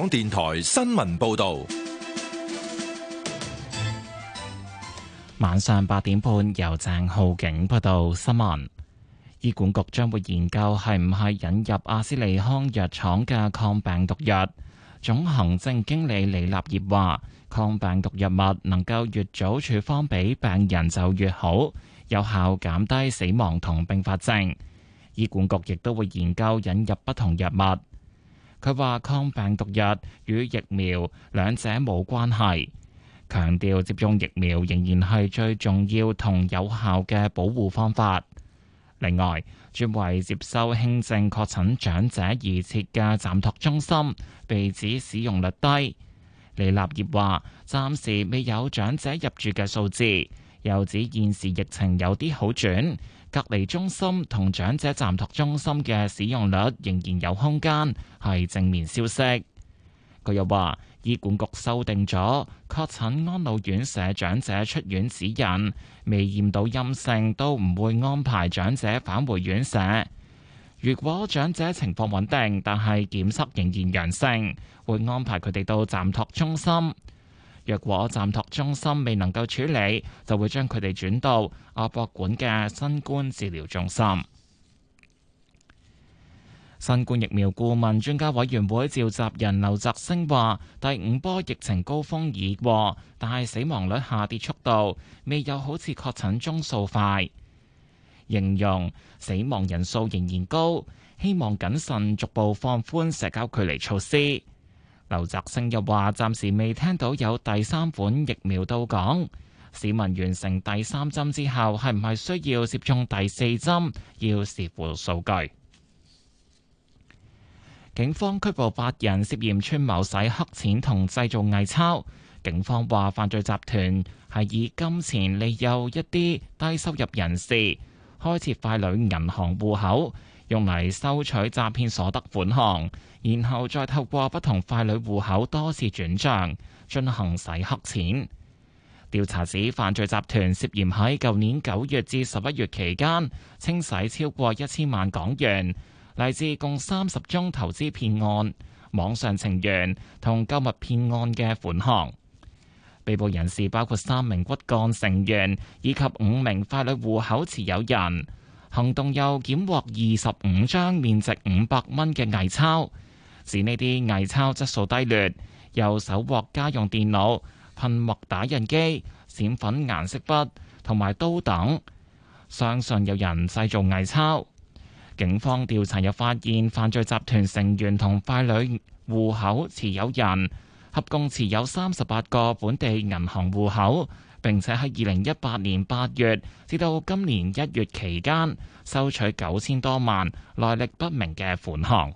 港電台新聞報道，晚上八點半由鄭浩景報道新聞。醫管局將會研究係唔係引入阿斯利康藥廠嘅抗病毒藥。總行政經理李立業話，抗病毒藥物能夠越早處方俾病人就越好，有效減低死亡同併發症。醫管局亦都會研究引入不同藥物。佢話抗病毒藥與疫苗兩者冇關係，強調接種疫苗仍然係最重要同有效嘅保護方法。另外，專為接收輕症確診長者而設嘅暫托中心被指使用率低。李立業話暫時未有長者入住嘅數字，又指現時疫情有啲好轉。隔離中心同長者暫托中心嘅使用率仍然有空間，係正面消息。佢又話，醫管局修訂咗確診安老院舍長者出院指引，未驗到陰性都唔會安排長者返回院舍。如果長者情況穩定，但係檢測仍然陽性，會安排佢哋到暫托中心。若果暫托中心未能夠處理，就會將佢哋轉到亞博館嘅新冠治療中心。新冠疫苗顧問專家委員會召集人劉澤星話：第五波疫情高峰已過，但係死亡率下跌速度未有好似確診宗數快，形容死亡人數仍然高，希望謹慎逐步放寬社交距離措施。劉澤星又話：暫時未聽到有第三款疫苗到港。市民完成第三針之後，係唔係需要接種第四針？要視乎數據。警方拘捕八人，涉嫌串謀洗黑錢同製造偽鈔。警方話，犯罪集團係以金錢利誘一啲低收入人士，開設快旅銀行戶口。用嚟收取詐騙所得款項，然後再透過不同傀儡戶口多次轉賬進行洗黑錢。調查指犯罪集團涉嫌喺舊年九月至十一月期間清洗超過一千萬港元，嚟自共三十宗投資騙案、網上情緣同購物騙案嘅款項。被捕人士包括三名骨幹成員以及五名傀儡戶口持有人。行動又檢獲二十五張面值五百蚊嘅偽鈔，指呢啲偽鈔質素低劣，又搜獲家用電腦、噴墨打印機、閃粉顏色筆同埋刀等，相信有人製造偽鈔。警方調查又發現犯罪集團成員同傀儡戶口持有人合共持有三十八個本地銀行戶口。並且喺二零一八年八月至到今年一月期間收取九千多萬來歷不明嘅款項。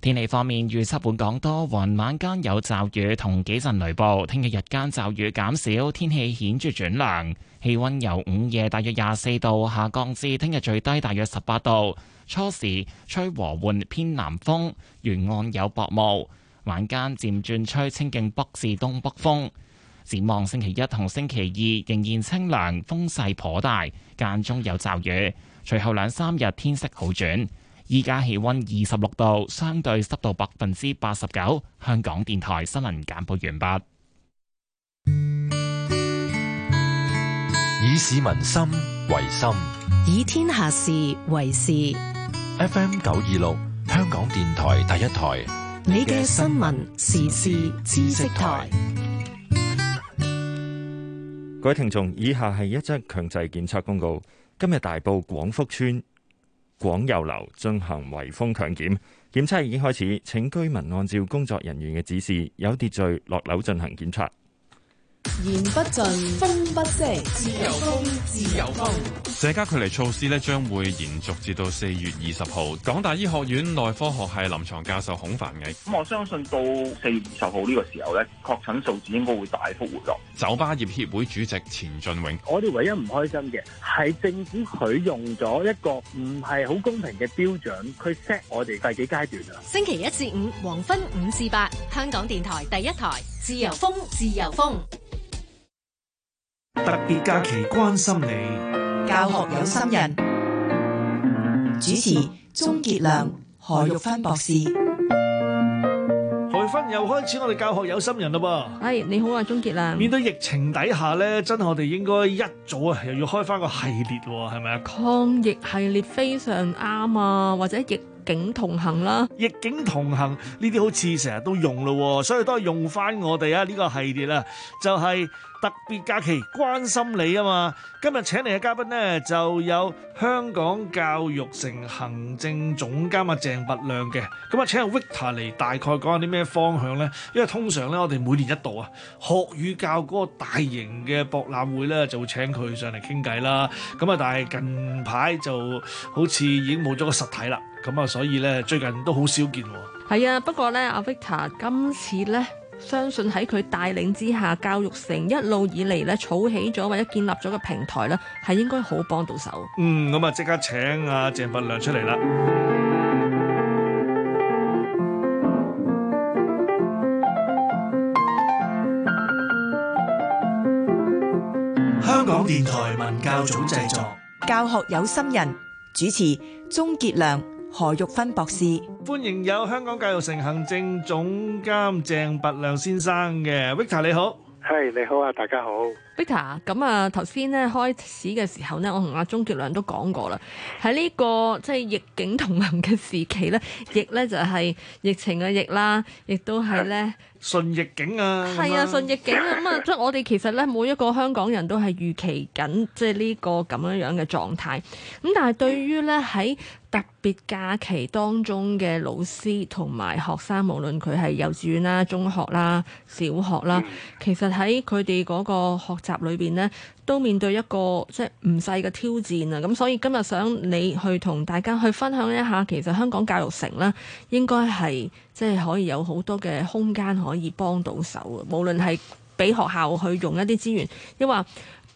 天氣方面預測，預測本港多雲，晚間有驟雨同幾陣雷暴。聽日日間驟雨減少，天氣顯著轉涼，氣温由午夜大約廿四度下降至聽日最低大約十八度。初時吹和緩偏南風，沿岸有薄霧。晚間漸轉吹清勁北至東北風，展望星期一同星期二仍然清涼，風勢頗大，間中有驟雨。隨後兩三日天色好轉，依家氣溫二十六度，相對濕度百分之八十九。香港電台新聞簡報完畢。以市民心為心，以天下事為事。FM 九二六，香港電台第一台。你嘅新聞時事知識台，各位聽眾，以下係一則強制檢測公告。今日大埔廣福村廣右樓進行圍封強檢，檢測已經開始，請居民按照工作人員嘅指示，有秩序落樓進行檢測。言不盡，風不息，自由風，自由風。社交距離措施咧將會延續至到四月二十號。港大醫學院內科學系臨床教授孔凡毅，咁我相信到四月二十號呢個時候咧，確診數字應該會大幅回落。酒吧業協會主席錢俊永，我哋唯一唔開心嘅係政府佢用咗一個唔係好公平嘅標準，佢 set 我哋第幾階段㗎？星期一至五黃昏五至八，香港電台第一台，自由風，自由風。特別假期關心你，教學有心人，主持鄭弼亮、何玉芬博士。何玉芬，又開始我哋教學有心人嘞噃。哎，你好啊，鄭弼亮。面對疫情底下咧，真係我哋應該一早啊又要開返個系列喎，係咪啊？抗疫系列非常啱啊，或者疫景同行啦，逆境同行呢啲好似成日都用咯，所以都係用翻我哋啊呢、這個系列啦、啊，就係、是、特別假期關心你啊嘛。今日請嚟嘅嘉賓咧，就有香港教育城行政總監啊鄭弼亮嘅，咁啊請阿 Victor 嚟大概講下啲咩方向咧，因為通常咧我哋每年一度啊，學與教嗰個大型嘅博覽會咧就會請佢上嚟傾偈啦。咁啊，但係近排就好似已經冇咗個實體啦。咁啊，所以咧最近都好少見喎，哦。係啊，不過咧，阿 Victor 今次咧，相信喺佢帶領之下，教育城一路以嚟咧，儲起咗或者建立咗個平台咧，係應該好幫到手。嗯，咁啊，即刻請阿、啊、鄭弼亮出嚟啦。香港電台文教組製作，教學有心人主持，鍾杰良。何玉芬博士，歡迎有香港教育城行政總監鄭弼亮先生嘅 Victor，你好。係你好啊，大家好，Victor，咁啊頭先咧開始嘅時候，這個就是，時呢，我同阿鍾杰亮都講過啦，喺呢個即係逆境同行嘅時期咧，疫咧就係疫情嘅疫啦，亦都係咧。順逆境啊，係啊，順逆境啊，咁啊， 即係我哋其實咧，每一個香港人都係預期緊，即係呢個咁樣樣嘅狀態。咁但係對於咧喺特別假期當中嘅老師同埋學生，無論佢係幼稚園啦、中學啦、小學啦，其實喺佢哋嗰個學習裏邊咧，都面對一個即係唔細嘅挑戰啊！咁所以今日想你去同大家去分享一下，其實香港教育城咧應該係。即係可以有好多嘅空間可以幫到手嘅，無論係俾學校去用一啲資源，抑或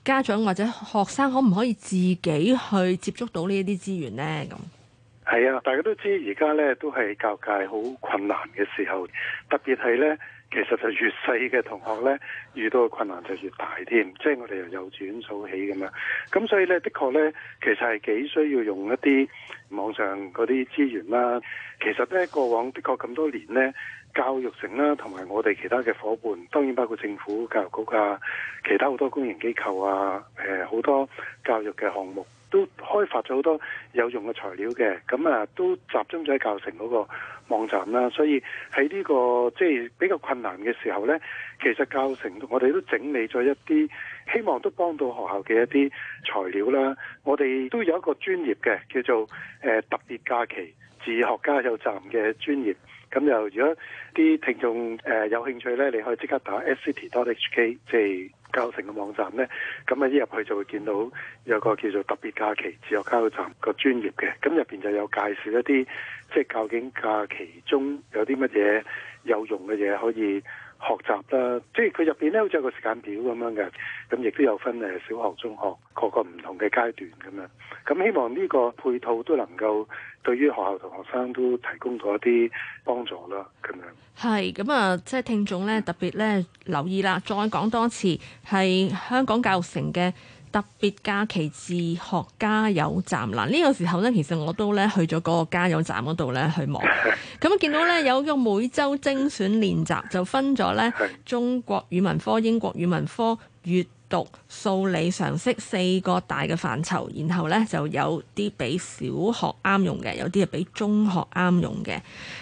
家長或者學生可唔可以自己去接觸到呢一啲資源咧？咁。係啊，大家都知而家咧，都係教界好困難嘅時候，特別係咧，其實就越細嘅同學咧遇到嘅困難就越大添。即係我哋由幼稚園數起咁樣，咁所以咧的確咧，其實係幾需要用一啲網上嗰啲資源啦。其實咧過往的確咁多年咧，教育城啦，同埋我哋其他嘅伙伴，當然包括政府教育局啊，其他好多公營機構啊，誒好多教育嘅項目。都開發咗好多有用嘅材料嘅，咁啊都集中咗喺教城嗰個網站啦。所以喺呢個即係比較困難嘅時候呢，其實教城我哋都整理咗一啲，希望都幫到學校嘅一啲材料啦。我哋都有一個專業嘅，叫做誒特別假期自學加油站嘅專業。咁又如果啲聽眾誒有興趣呢，你可以即刻打 sity.hk 即係。教城嘅網站呢，咁啊一入去就會見到有個叫做特別假期自由交流站個專業嘅。咁入邊就有介紹一啲，即係究竟假期中有啲乜嘢有用嘅嘢可以。學習啦，即係佢入面呢，好似有個時間表咁樣嘅，咁亦都有分誒小學、中學各個唔同嘅階段咁樣。咁希望呢個配套都能夠對於學校同學生都提供到一啲幫助啦，咁樣。係，咁啊，即係聽眾呢，特別呢留意啦，再講多次係香港教育城嘅。特別假期自學加油站，嗱、這、呢個時候呢，其實我都咧去咗嗰個加油站嗰度咧去望，咁見到咧有一個每週精選練習，就分咗咧中國語文科、英國語文科、粵。讀數理常識四個大嘅範疇，然後呢就有啲俾小學啱用嘅，有啲係俾中學啱用嘅。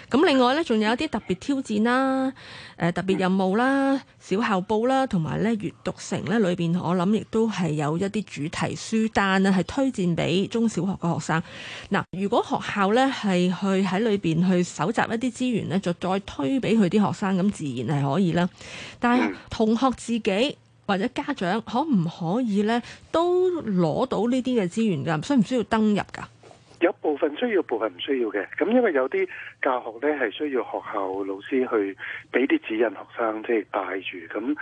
咁另外呢，仲有啲特別挑戰啦、呃、特別任務啦、小校報啦，同埋呢閱讀城呢裏邊，裡面我諗亦都係有一啲主題書單呢係推薦俾中小學嘅學生。嗱，如果學校呢係去喺裏邊去搜集一啲資源呢，就再推俾佢啲學生，咁自然係可以啦。但係同學自己。或者家長可唔可以呢都攞到呢啲嘅資源㗎？需唔需要登入㗎？有部分需要，部分唔需要嘅。咁因為有啲教學呢係需要學校老師去俾啲指引學生帶，即係帶住咁。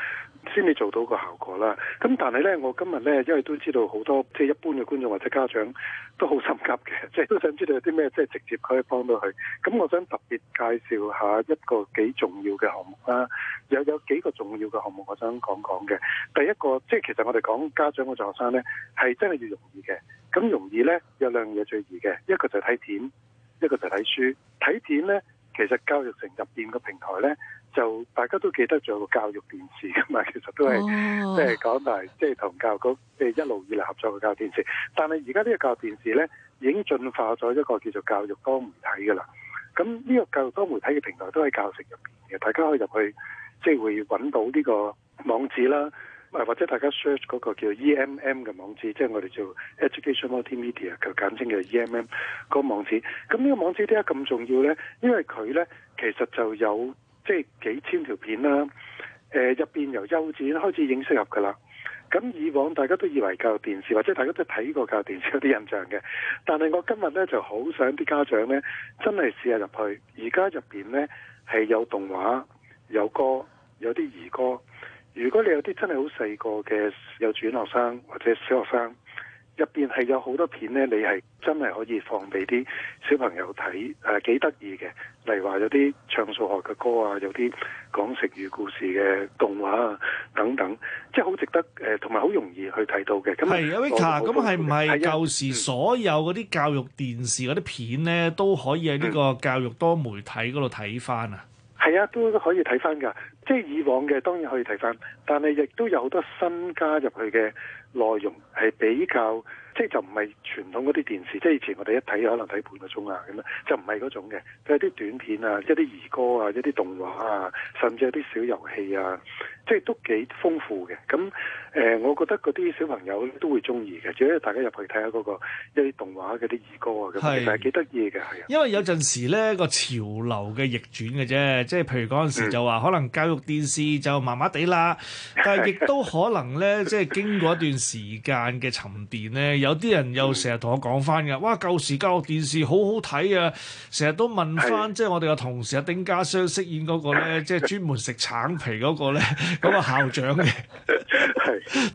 先至做到個效果啦，咁但係呢，我今日呢，因為都知道好多即係一般嘅觀眾或者家長都好心急嘅，即係都想知道有啲咩即係直接可以幫到佢。咁我想特別介紹下一個幾重要嘅項目啦，有有幾個重要嘅項目我想講講嘅。第一個即係其實我哋講家長嗰座山呢，係真係要容易嘅。咁容易呢，有兩樣嘢最易嘅，一個就係睇片，一個就係睇書。睇片呢，其實教育城入邊個平台呢，就大家都記得仲有個教育電視㗎嘛。其實都係即係講埋即係同教育局即係、就是、一路以嚟合作嘅教育電視。但係而家呢個教育電視呢，已經進化咗一個叫做教育多媒體㗎啦。咁呢個教育多媒體嘅平台都係教育城入邊嘅，大家可以入去即係、就是、會揾到呢個網址啦。或者大家 search 嗰個叫 E M M 嘅網址，即係我哋叫 Education Multimedia，簡稱叫 E M M 嗰個網址。咁呢個網址點解咁重要呢？因為佢呢其實就有即係幾千條片啦。呃、入邊由幼稚園開始影適合噶啦。咁以往大家都以為教育電視，或者大家都睇過教育電視有啲印象嘅。但係我今日呢就好想啲家長呢真係試下入去。而家入邊呢係有動畫、有歌、有啲兒歌。如果你有啲真係好細個嘅幼稚園學生或者小學生入邊係有好多片咧，你係真係可以放俾啲小朋友睇，誒幾得意嘅，例如話有啲唱數學嘅歌啊，有啲講成語故事嘅動畫啊等等，即係好值得誒，同埋好容易去睇到嘅。咁係，Avika，咁係唔係舊時所有嗰啲教育電視嗰啲片咧的都可以喺呢個教育多媒體嗰度睇返啊？嗯係啊，都可以睇翻㗎，即係以往嘅當然可以睇翻，但係亦都有好多新加入去嘅內容係比較，即係就唔係傳統嗰啲電視，即係以前我哋一睇可能睇半個鐘啊咁啊，就唔係嗰種嘅，就係啲短片啊，一啲兒歌啊，一啲動畫啊，甚至有啲小遊戲啊，即係都幾豐富嘅咁。誒、呃，我覺得嗰啲小朋友都會中意嘅，主要大家入去睇下嗰個一啲動畫、嗰啲兒歌啊，咁是其實係幾得意嘅，係。因為有陣時咧個潮流嘅逆轉嘅啫，即係譬如嗰陣時就話、嗯、可能教育電視就麻麻地啦，但係亦都可能咧，即係 經過一段時間嘅沉澱咧，有啲人又成日同我講翻嘅，哇！舊時教育電視好好睇啊，成日都問翻，即係是我哋個同事阿丁家商飾演嗰、那個咧，即係專門食橙皮嗰、那個咧，嗰 個校長嘅。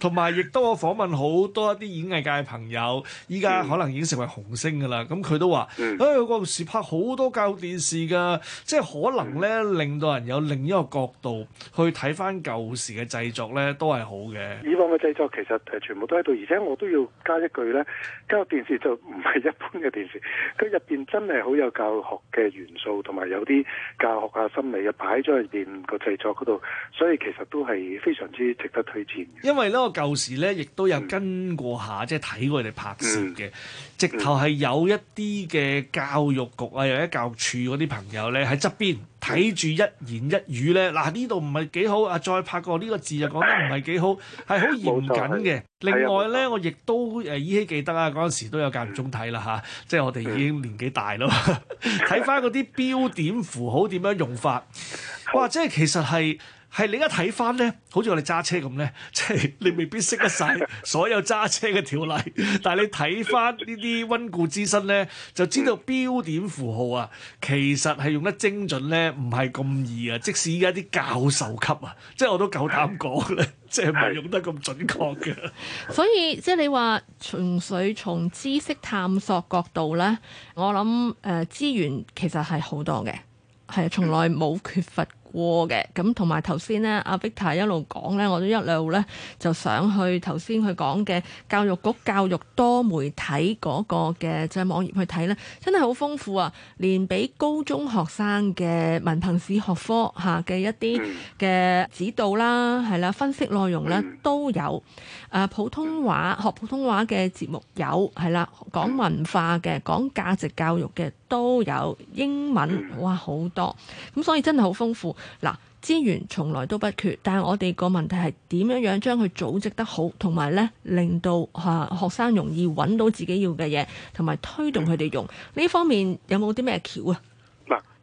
同埋亦都訪問好多一啲演藝界朋友，依家可能已經成為紅星噶啦。咁佢都話，誒嗰、 哎、時拍好多教育電視㗎，即係可能咧令到人有另一個角度去睇翻舊時嘅製作咧，都係好嘅。以往嘅製作其實全部都喺度，而且我都要加一句咧，教育電視就唔係一般嘅電視，佢入邊真係好有教學嘅元素，同埋有啲教學啊心理啊擺咗入邊個製作嗰度，所以其實都係非常之值得推薦嘅。因為因為咧我舊時咧亦都有跟過下，嗯、即係睇過人哋拍攝嘅，嗯、直頭係有一啲嘅教育局啊，嗯、有一教育處嗰啲朋友咧喺側邊睇住一言一語咧，嗱，呢度唔係幾好啊，再拍過呢個字就講得唔係幾好，係好嚴謹嘅。錯另外咧，是我亦都誒依稀記得啊，嗰陣時都有間唔中睇啦吓，嗯、即係我哋已經年紀大咯，睇翻嗰啲標點符號點樣用法，哇！即係其實係。嗯嗯係你而家睇翻咧，好似我哋揸車咁咧，即係你未必識得晒所有揸車嘅條例，但係你睇翻呢啲温故知新咧，就知道標點符號啊，其實係用得精準咧，唔係咁易啊。即使而家啲教授級啊，即係我都夠膽講咧，即係唔係用得咁準確嘅。所以即係你話純粹從知識探索角度咧，我諗誒、呃、資源其實係好多嘅，係啊，從來冇缺乏。嘅咁，同埋頭先咧，阿 Victor 一路講咧，我都一路咧就上去頭先佢講嘅教育局教育多媒體嗰個嘅即係網頁去睇咧，真係好豐富啊！連俾高中學生嘅文憑試學科下嘅一啲嘅指導啦，係啦，分析內容咧都有。誒，普通話學普通話嘅節目有，係啦，講文化嘅、講價值教育嘅都有。英文哇，好多咁，所以真係好豐富。嗱，資源從來都不缺，但係我哋個問題係點樣樣將佢組織得好，同埋咧令到學、啊、學生容易揾到自己要嘅嘢，同埋推動佢哋用呢、嗯、方面有冇啲咩橋啊？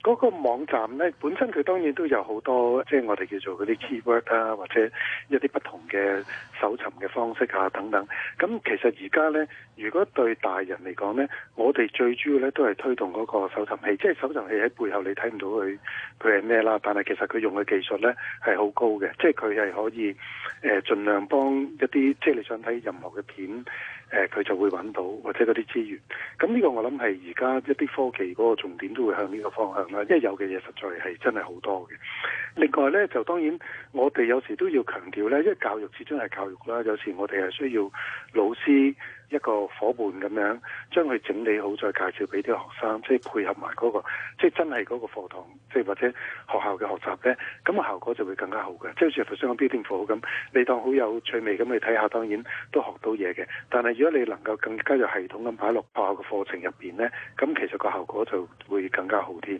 嗰個網站呢，本身佢當然都有好多，即係我哋叫做嗰啲 keyword 啊，或者一啲不同嘅搜尋嘅方式啊，等等。咁其實而家呢，如果對大人嚟講呢，我哋最主要呢都係推動嗰個搜尋器，即係搜尋器喺背後你睇唔到佢，佢係咩啦？但係其實佢用嘅技術呢係好高嘅，即係佢係可以誒，儘量幫一啲即係你想睇任何嘅片。誒佢、呃、就會揾到或者嗰啲資源，咁呢個我諗係而家一啲科技嗰個重點都會向呢個方向啦，因為有嘅嘢實在係真係好多嘅。另外咧，就當然，我哋有時都要強調咧，因為教育始終係教育啦。有時我哋係需要老師一個夥伴咁樣，將佢整理好，再介紹俾啲學生，即係配合埋嗰個，即係真係嗰個課堂，即係或者學校嘅學習咧，咁效果就會更加好嘅。即係好似頭先講標點符號咁，你當好有趣味咁嚟睇下，當然都學到嘢嘅。但係如果你能夠更加有系統咁擺落學校嘅課程入邊咧，咁其實個效果就會更加好添。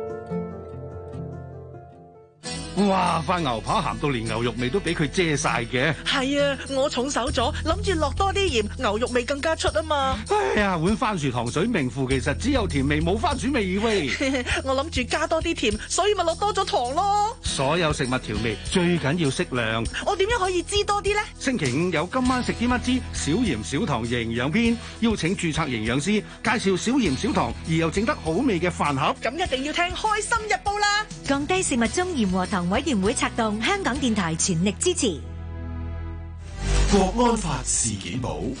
哇！塊牛扒鹹到連牛肉味都俾佢遮曬嘅。係啊，我重手咗，諗住落多啲鹽，牛肉味更加出啊嘛。哎呀，碗番薯糖水名副其實，只有甜味冇番薯味喂。我諗住加多啲甜，所以咪落多咗糖咯。所有食物調味最緊要適量。我點樣可以知多啲呢？星期五有今晚食啲乜之小鹽小糖營養篇，邀請註冊營養師介紹小鹽小糖而又整得好味嘅飯盒。咁一定要聽《開心日報》啦，降低食物中鹽和糖。委員會策動香港電台全力支持《國安法》事件簿，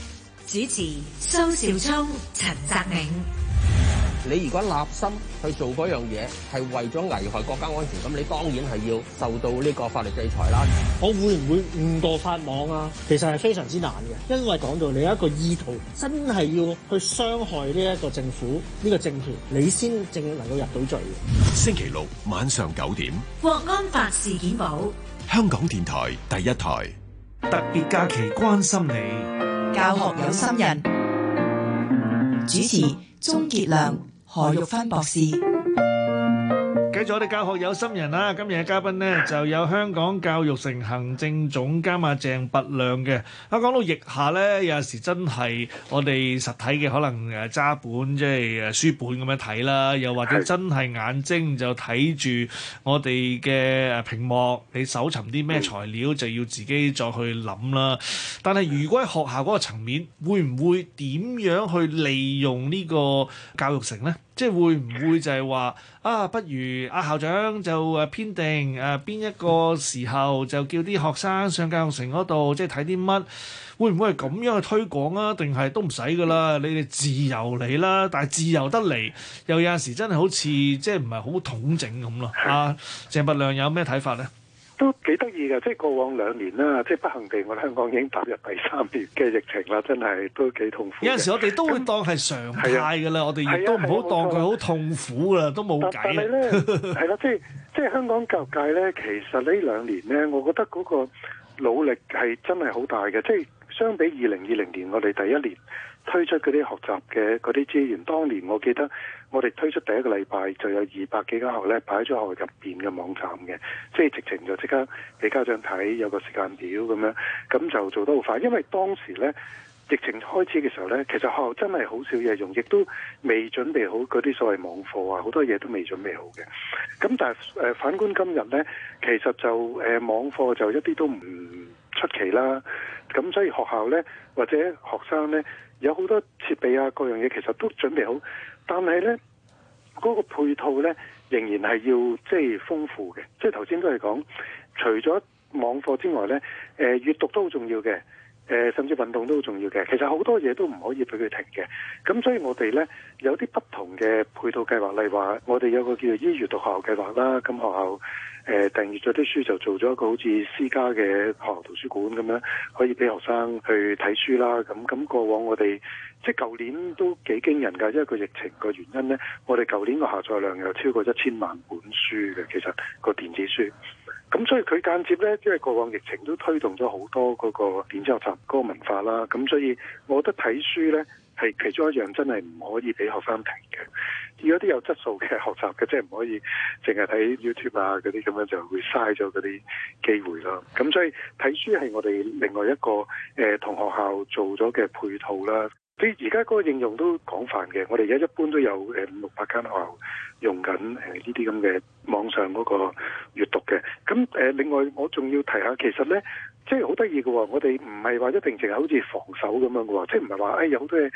主持蘇少聰、陳澤明。宰你如果立心去做嗰樣嘢，係為咗危害國家安全，咁你當然係要受到呢個法律制裁啦。我會唔會誤過法網啊？其實係非常之難嘅，因為講到你一個意圖，真係要去傷害呢一個政府呢個政權，你先正能夠入到罪。星期六晚上九點，《國安法事件簿》，香港電台第一台，特別假期關心你，教學有心人，主持鍾杰亮。何玉芬博士。咗我哋教學有心人啦！今日嘅嘉賓呢，就有香港教育城行政總監啊鄭弼亮嘅。啊，講到腋下呢，有時真係我哋實體嘅可能誒揸、啊、本即係誒書本咁樣睇啦，又或者真係眼睛就睇住我哋嘅誒屏幕，你搜尋啲咩材料就要自己再去諗啦。但係如果喺學校嗰個層面，會唔會點樣去利用呢個教育城呢？即係會唔會就係話啊，不如阿、啊、校長就誒、啊、編定誒邊、啊、一個時候就叫啲學生上教育城嗰度，即係睇啲乜？會唔會係咁樣去推廣啊？定係都唔使噶啦，你哋自由嚟啦。但係自由得嚟，又有陣時真係好似即係唔係好統整咁咯？啊，鄭弼亮有咩睇法咧？都幾得意嘅，即係過往兩年啦，即係不幸地，我哋香港已經踏入第三年嘅疫情啦，真係都幾痛苦。有陣時我哋都會當係常態㗎啦，嗯、我哋都唔好當佢好痛苦㗎，都冇計。但係咧，係啦， 即係即係香港教育界咧，其實呢兩年咧，我覺得嗰個努力係真係好大嘅，即係相比二零二零年我哋第一年。推出嗰啲學習嘅嗰啲資源，當年我記得我哋推出第一個禮拜就有二百幾間學校咧擺喺咗學校入邊嘅網站嘅，即係直情就即刻俾家長睇有個時間表咁樣，咁就做得好快。因為當時咧，疫情開始嘅時候咧，其實學校真係好少嘢用，亦都未準備好嗰啲所謂網課啊，好多嘢都未準備好嘅。咁但係誒、呃、反觀今日咧，其實就誒、呃、網課就一啲都唔出奇啦。咁所以學校咧，或者學生咧。有好多設備啊，各樣嘢其實都準備好，但係呢，嗰個配套呢，仍然係要即係豐富嘅。即係頭先都係講，除咗網課之外呢，誒閱讀都好重要嘅。誒，甚至運動都好重要嘅。其實好多嘢都唔可以俾佢停嘅。咁所以我哋呢，有啲不同嘅配套計劃，例如話我哋有個叫做醫學讀學校計劃啦。咁學校誒、呃、訂閲咗啲書，就做咗一個好似私家嘅學校圖書館咁樣，可以俾學生去睇書啦。咁咁過往我哋即係舊年都幾驚人㗎，因為個疫情個原因呢，我哋舊年個下載量有超過一千萬本書嘅。其實個電子書。咁所以佢間接咧，即係過往疫情都推動咗好多嗰個電子學習嗰個文化啦。咁所以，我覺得睇書咧係其中一樣真係唔可以俾學生停嘅。如果有啲有質素嘅學習嘅，即係唔可以淨係睇 YouTube 啊嗰啲咁樣，就會嘥咗嗰啲機會啦。咁所以睇書係我哋另外一個誒、呃、同學校做咗嘅配套啦。而家嗰個應用都廣泛嘅，我哋而家一般都有誒五、呃、六百間學校用緊誒呢啲咁嘅網上嗰個閱讀嘅。咁誒、呃、另外我仲要提下，其實咧即係好得意嘅，我哋唔係話一定淨係好似防守咁樣嘅，即係唔係話誒有好多嘢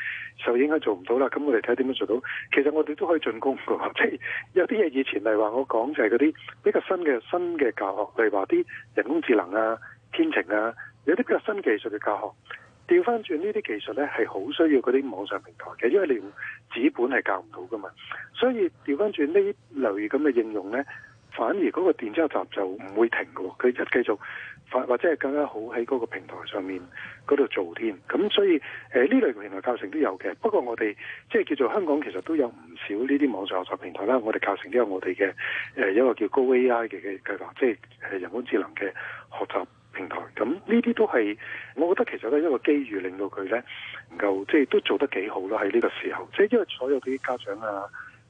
受影響做唔到啦。咁我哋睇下點樣做到？其實我哋都可以進攻嘅，即係有啲嘢以前例如話我講就係嗰啲比較新嘅新嘅教學，例如話啲人工智能啊、編程啊，有啲比較新技術嘅教學。調翻轉呢啲技術咧，係好需要嗰啲網上平台嘅，因為你用紙本係教唔到噶嘛。所以調翻轉呢啲類咁嘅應用咧，反而嗰個電子學習就唔會停嘅，佢就繼續，或或者係更加好喺嗰個平台上面嗰度做添。咁所以誒呢、呃、類平台教城都有嘅。不過我哋即係叫做香港其實都有唔少呢啲網上學習平台啦。我哋教城都有我哋嘅誒一個叫高 AI 嘅嘅計劃，即係人工智能嘅學習平台咁呢啲都係，我覺得其實係一個機遇令到佢呢能夠即係都做得幾好啦。喺呢個時候，即係因為所有啲家長啊、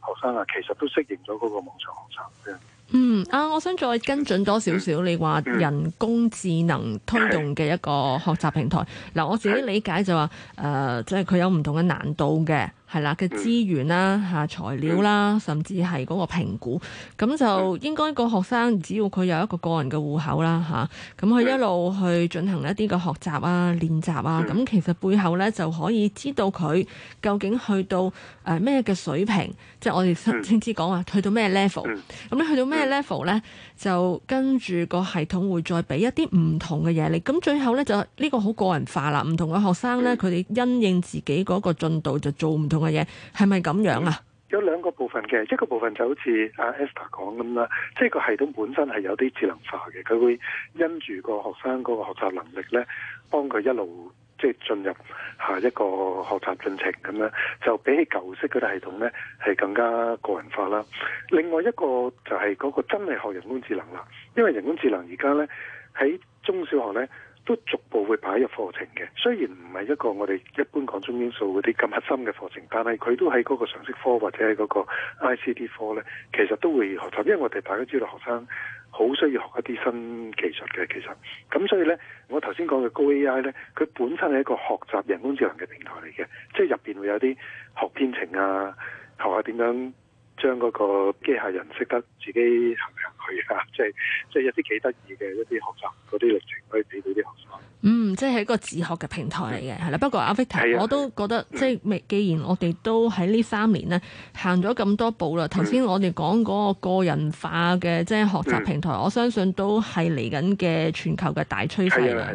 學生啊，其實都適應咗嗰個網上學習。嗯啊，我想再跟進多少少，你話人工智能推動嘅一個學習平台。嗱、嗯啊嗯，我自己理解就話，誒、呃，即係佢有唔同嘅難度嘅。係啦嘅資源啦，嚇、啊、材料啦，甚至係嗰個評估，咁就應該個學生只要佢有一個個人嘅戶口啦嚇，咁、啊、佢一路去進行一啲嘅學習啊練習，啊，咁其實背後咧就可以知道佢究竟去到誒咩嘅水平，即係我哋先先至講話、啊、去到咩 level，咁你去到咩 level 咧就跟住個系統會再俾一啲唔同嘅嘢你，咁最後咧就呢、呢個好個人化啦，唔同嘅學生咧佢哋因應自己嗰個進度就做唔同。嘅嘢係咪咁樣啊？嗯、有兩個部分嘅，一個部分就好似阿 Esther 講咁啦，即係個系統本身係有啲智能化嘅，佢會因住個學生嗰個學習能力咧，幫佢一路即係進入下一個學習進程咁樣，就比起舊式嗰啲系統咧，係更加個人化啦。另外一個就係嗰個真係學人工智能啦，因為人工智能而家咧喺中小學咧。都逐步會擺入課程嘅，雖然唔係一個我哋一般講中英數嗰啲咁核心嘅課程，但係佢都喺嗰個常識科或者係嗰個 ICT 科呢，其實都會學習，因為我哋大家知道學生好需要學一啲新技術嘅，其實咁所以呢，我頭先講嘅高 AI 呢，佢本身係一個學習人工智能嘅平台嚟嘅，即係入邊會有啲學編程啊，學下點樣。將嗰個機械人識得自己行嚟行去啊！即係即係一啲幾得意嘅一啲學習嗰啲歷程，可以俾到啲學生。嗯，即係一個自學嘅平台嚟嘅，係啦。不過阿 Victor，我都覺得的即係既然我哋都喺呢三年咧行咗咁多步啦，頭先我哋講嗰個個人化嘅即係學習平台，的我相信都係嚟緊嘅全球嘅大趨勢啦。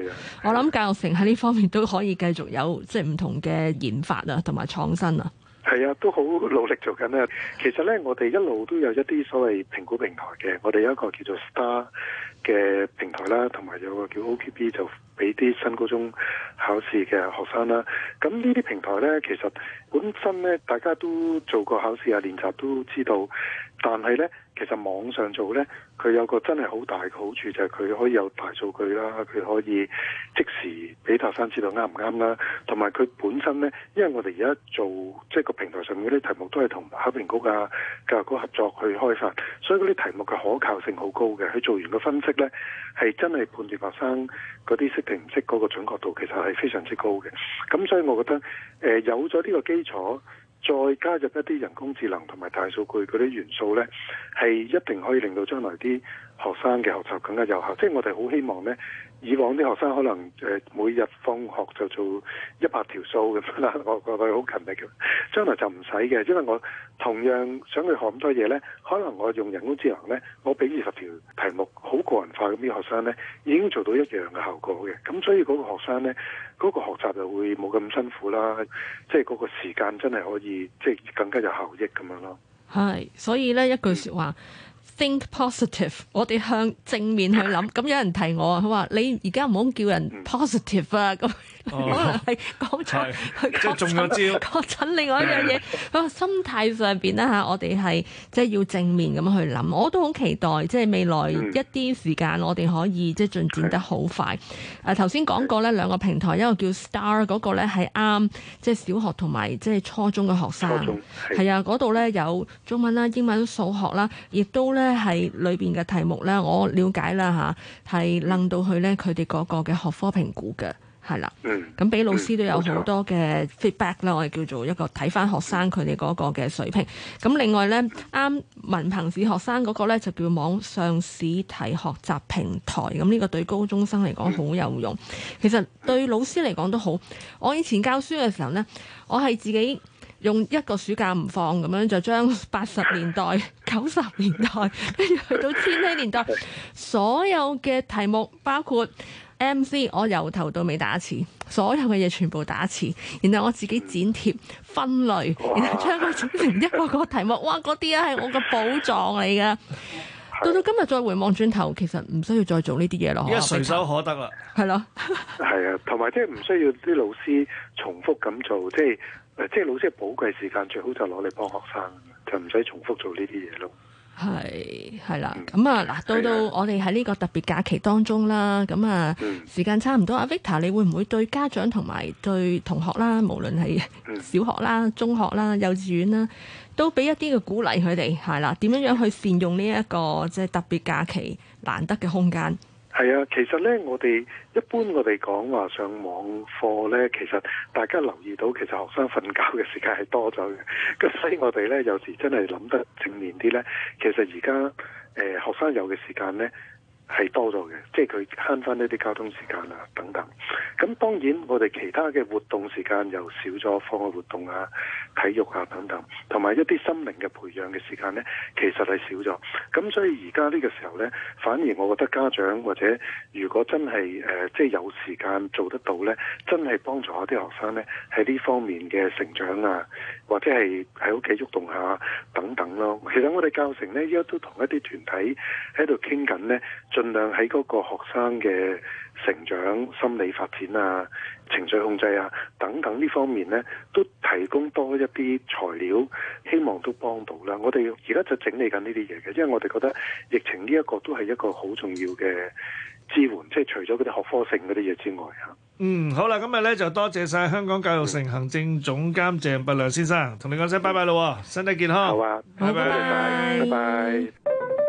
我諗教育城喺呢方面都可以繼續有即係唔同嘅研發啊，同埋創新啊。係啊，都好努力做緊啊！其實咧，我哋一路都有一啲所謂評估平台嘅，我哋有一個叫做 Star 嘅平台啦，同埋有個叫 OKB 就俾啲新高中考試嘅學生啦。咁呢啲平台咧，其實本身咧，大家都做過考試啊、練習都知道，但係咧，其實網上做咧。佢有個真係好大嘅好處就係、是、佢可以有大數據啦，佢可以即時俾學生知道啱唔啱啦，同埋佢本身呢，因為我哋而家做即係、就是、個平台上面嗰啲題目都係同考評局啊、教育局合作去開發，所以嗰啲題目嘅可靠性好高嘅。佢做完個分析呢，係真係判斷學生嗰啲識定唔識嗰個準確度其實係非常之高嘅。咁所以我覺得誒、呃、有咗呢個基礎，再加入一啲人工智能同埋大數據嗰啲元素呢，係一定可以令到將來啲。學生嘅學習更加有效，即係我哋好希望呢，以往啲學生可能誒、呃、每日放學就做一百條數咁啦， 我覺得佢好勤力嘅。將來就唔使嘅，因為我同樣想佢學咁多嘢呢，可能我用人工智能呢，我俾二十條題目，好個人化咁啲學生呢已經做到一樣嘅效果嘅。咁所以嗰個學生呢，嗰、那個學習就會冇咁辛苦啦。即係嗰個時間真係可以，即係更加有效益咁樣咯。係，所以呢一句説話。Think positive，我哋向正面去諗。咁有人提我啊，佢話：你而家唔好叫人 positive 啊咁。 可能係講錯，是即係仲有招確診。另外一樣嘢，嗰個 心態上邊咧嚇，我哋係即係要正面咁去諗。我都好期待，即係未來一啲時間，我哋可以即係進展得好快。誒頭先講過呢兩個平台，嗯、一個叫 Star 嗰個呢係啱，即係小學同埋即係初中嘅學生係啊。嗰度呢有中文啦、英文、數學啦，亦都呢係裏邊嘅題目呢。我了解啦嚇，係、啊、輪到去呢，佢哋嗰個嘅學科評估嘅。係啦，咁俾、嗯嗯、老師都有好多嘅 feedback 啦、嗯，嗯、我哋叫做一個睇翻學生佢哋嗰個嘅水平。咁另外呢，啱文憑試學生嗰個咧就叫網上試題學習平台，咁呢個對高中生嚟講好有用。其實對老師嚟講都好。我以前教書嘅時候呢，我係自己用一個暑假唔放咁樣，就將八十年代、九十年代去 到千禧年代所有嘅題目，包括，M C 我由頭到尾打字，所有嘅嘢，全部打字，然後我自己剪貼、嗯、分類，哇然後將佢整成一個個題目。哇，嗰啲啊係我個寶藏嚟噶！到到今日再回望轉頭，其實唔需要再做呢啲嘢咯。而家隨手可得啦，係咯，係啊，同埋即係唔需要啲老師重複咁做，即係即係老師嘅寶貴時間，最好就攞嚟幫學生，就唔使重複做呢啲嘢咯。係係啦，咁啊嗱，到，嗯嗯嗯嗯，到我哋喺呢個特別假期當中啦，咁，嗯，啊，嗯、時間差唔多啊，Victor，你會唔會對家長同埋對同學啦，無論係小學啦、中學啦、幼稚園啦，都俾一啲嘅鼓勵佢哋係啦，點樣樣去善用呢一個即係特別假期難得嘅空間？係啊，其實咧，我哋一般我哋講話上網課咧，其實大家留意到，其實學生瞓覺嘅時間係多咗嘅。咁 所以我哋咧有時真係諗得正面啲咧，其實而家誒學生有嘅時間咧。係多咗嘅，即係佢慳翻呢啲交通時間啊，等等。咁當然我哋其他嘅活動時間又少咗，課外活動啊、體育啊等等，同埋一啲心靈嘅培養嘅時間呢，其實係少咗。咁所以而家呢個時候呢，反而我覺得家長或者如果真係誒、呃，即係有時間做得到呢，真係幫助下啲學生呢喺呢方面嘅成長啊，或者係喺屋企喐動下等等咯。其實我哋教城呢，依家都同一啲團體喺度傾緊呢。盡量喺嗰個學生嘅成長、心理發展啊、情緒控制啊等等呢方面呢，都提供多一啲材料，希望都幫到啦。我哋而家就整理緊呢啲嘢嘅，因為我哋覺得疫情呢一個都係一個好重要嘅支援，即係除咗嗰啲學科性嗰啲嘢之外啊。嗯，好啦，今日呢就多謝晒香港教育城行政總監鄭弼亮先生，同你講聲拜拜啦，的身體健康。好啊，拜拜拜拜。